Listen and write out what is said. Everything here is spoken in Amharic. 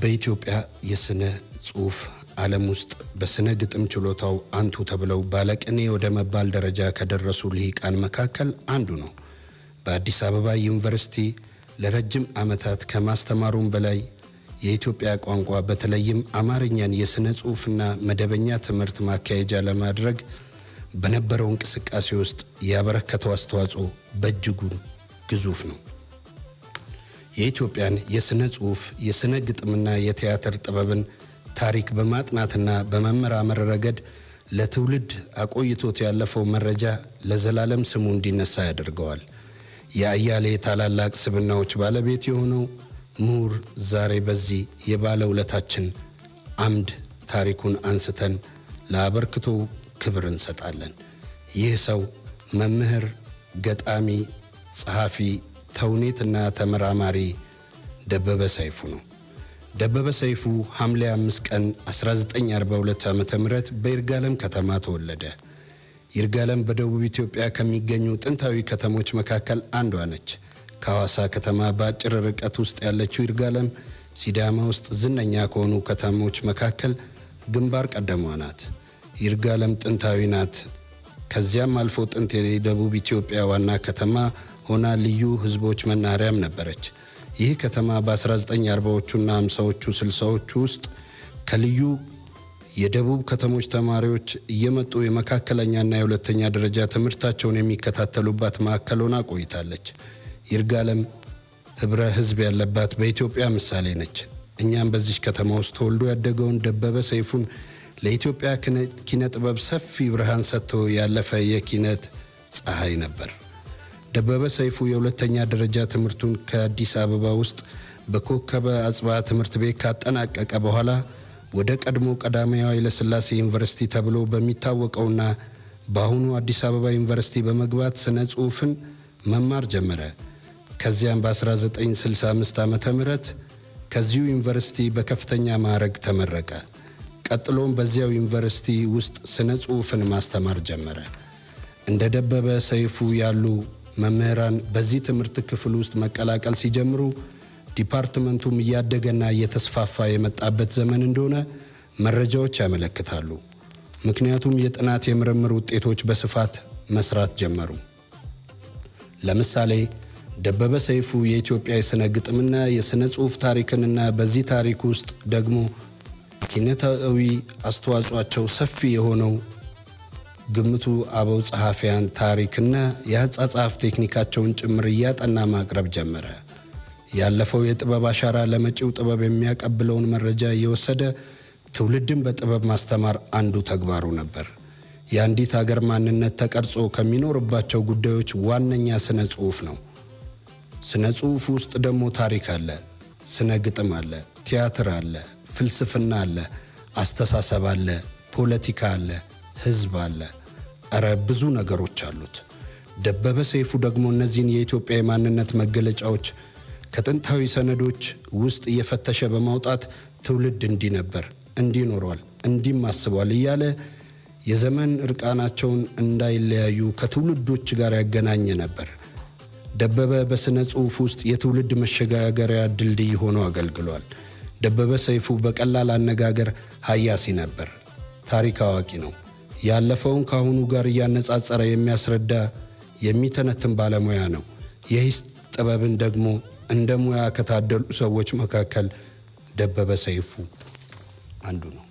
በኢትዮጵያ የስነ ጽሁፍ ዓለም ውስጥ በስነ ግጥም ችሎታው አንቱ ተብለው ባለቅኔ ወደ መባል ደረጃ ከደረሱ ልሂቃን መካከል አንዱ ነው። በአዲስ አበባ ዩኒቨርሲቲ ለረጅም ዓመታት ከማስተማሩም በላይ የኢትዮጵያ ቋንቋ በተለይም አማርኛን የሥነ ጽሑፍና መደበኛ ትምህርት ማካሄጃ ለማድረግ በነበረው እንቅስቃሴ ውስጥ ያበረከተው አስተዋጽኦ በእጅጉን ግዙፍ ነው። የኢትዮጵያን የሥነ ጽሑፍ የሥነ ግጥምና የቲያትር ጥበብን ታሪክ በማጥናትና በመመራመር ረገድ ለትውልድ አቆይቶት ያለፈው መረጃ ለዘላለም ስሙ እንዲነሳ ያደርገዋል። የአያሌ ታላላቅ ስብናዎች ባለቤት የሆነው ምሁር ዛሬ በዚህ የባለ ውለታችን አምድ ታሪኩን አንስተን ለአበርክቶ ክብር እንሰጣለን። ይህ ሰው መምህር፣ ገጣሚ፣ ጸሐፊ ተውኔትና ተመራማሪ ደበበ ሰይፉ ነው። ደበበ ሰይፉ ሐምሌ 5 ቀን 1942 ዓ ም በይርጋለም ከተማ ተወለደ። ይርጋለም በደቡብ ኢትዮጵያ ከሚገኙ ጥንታዊ ከተሞች መካከል አንዷ ነች። ከሐዋሳ ከተማ በአጭር ርቀት ውስጥ ያለችው ይርጋለም ሲዳማ ውስጥ ዝነኛ ከሆኑ ከተሞች መካከል ግንባር ቀደሟ ናት። ይርጋለም ጥንታዊ ናት። ከዚያም አልፎ ጥንት የደቡብ ኢትዮጵያ ዋና ከተማ ሆና ልዩ ህዝቦች መናኸሪያም ነበረች። ይህ ከተማ በ1940ዎቹና 50ዎቹ 60ዎቹ ውስጥ ከልዩ የደቡብ ከተሞች ተማሪዎች እየመጡ የመካከለኛና የሁለተኛ ደረጃ ትምህርታቸውን የሚከታተሉባት ማዕከል ሆና ቆይታለች። ይርጋለም ህብረ ህዝብ ያለባት በኢትዮጵያ ምሳሌ ነች። እኛም በዚች ከተማ ውስጥ ተወልዶ ያደገውን ደበበ ሰይፉን ለኢትዮጵያ ኪነ ጥበብ ሰፊ ብርሃን ሰጥቶ ያለፈ የኪነት ፀሐይ ነበር። ደበበ ሰይፉ የሁለተኛ ደረጃ ትምህርቱን ከአዲስ አበባ ውስጥ በኮከበ አጽባ ትምህርት ቤት ካጠናቀቀ በኋላ ወደ ቀድሞ ቀዳማዊ ኃይለሥላሴ ዩኒቨርሲቲ ተብሎ በሚታወቀውና በአሁኑ አዲስ አበባ ዩኒቨርሲቲ በመግባት ስነ ጽሑፍን መማር ጀመረ። ከዚያም በ1965 ዓ ም ከዚሁ ዩኒቨርሲቲ በከፍተኛ ማዕረግ ተመረቀ። ቀጥሎም በዚያው ዩኒቨርሲቲ ውስጥ ስነ ጽሑፍን ማስተማር ጀመረ። እንደ ደበበ ሰይፉ ያሉ መምህራን በዚህ ትምህርት ክፍል ውስጥ መቀላቀል ሲጀምሩ ዲፓርትመንቱም እያደገና እየተስፋፋ የመጣበት ዘመን እንደሆነ መረጃዎች ያመለክታሉ። ምክንያቱም የጥናት የምርምር ውጤቶች በስፋት መስራት ጀመሩ። ለምሳሌ ደበበ ሰይፉ የኢትዮጵያ የሥነ ግጥምና የሥነ ጽሑፍ ታሪክንና በዚህ ታሪክ ውስጥ ደግሞ ኪነታዊ አስተዋጽኦአቸው ሰፊ የሆነው ግምቱ አበው ጸሐፊያን ታሪክና የአጻጻፍ ቴክኒካቸውን ጭምር እያጠና ማቅረብ ጀመረ። ያለፈው የጥበብ አሻራ ለመጪው ጥበብ የሚያቀብለውን መረጃ እየወሰደ ትውልድን በጥበብ ማስተማር አንዱ ተግባሩ ነበር። የአንዲት አገር ማንነት ተቀርጾ ከሚኖርባቸው ጉዳዮች ዋነኛ ስነ ጽሑፍ ነው። ስነ ጽሑፍ ውስጥ ደግሞ ታሪክ አለ፣ ስነ ግጥም አለ፣ ቲያትር አለ፣ ፍልስፍና አለ፣ አስተሳሰብ አለ፣ ፖለቲካ አለ፣ ህዝብ አለ። እረ ብዙ ነገሮች አሉት። ደበበ ሰይፉ ደግሞ እነዚህን የኢትዮጵያ የማንነት መገለጫዎች ከጥንታዊ ሰነዶች ውስጥ እየፈተሸ በማውጣት ትውልድ እንዲህ ነበር፣ እንዲህ ኖሯል፣ እንዲህም አስቧል እያለ የዘመን እርቃናቸውን እንዳይለያዩ ከትውልዶች ጋር ያገናኘ ነበር። ደበበ በሥነ ጽሑፍ ውስጥ የትውልድ መሸጋገሪያ ድልድይ ሆኖ አገልግሏል። ደበበ ሰይፉ በቀላል አነጋገር ሀያሲ ነበር። ታሪክ አዋቂ ነው። ያለፈውን ከአሁኑ ጋር እያነጻጸረ የሚያስረዳ የሚተነትን ባለሙያ ነው። የሂስ ጥበብን ደግሞ እንደ ሙያ ከታደሉ ሰዎች መካከል ደበበ ሰይፉ አንዱ ነው።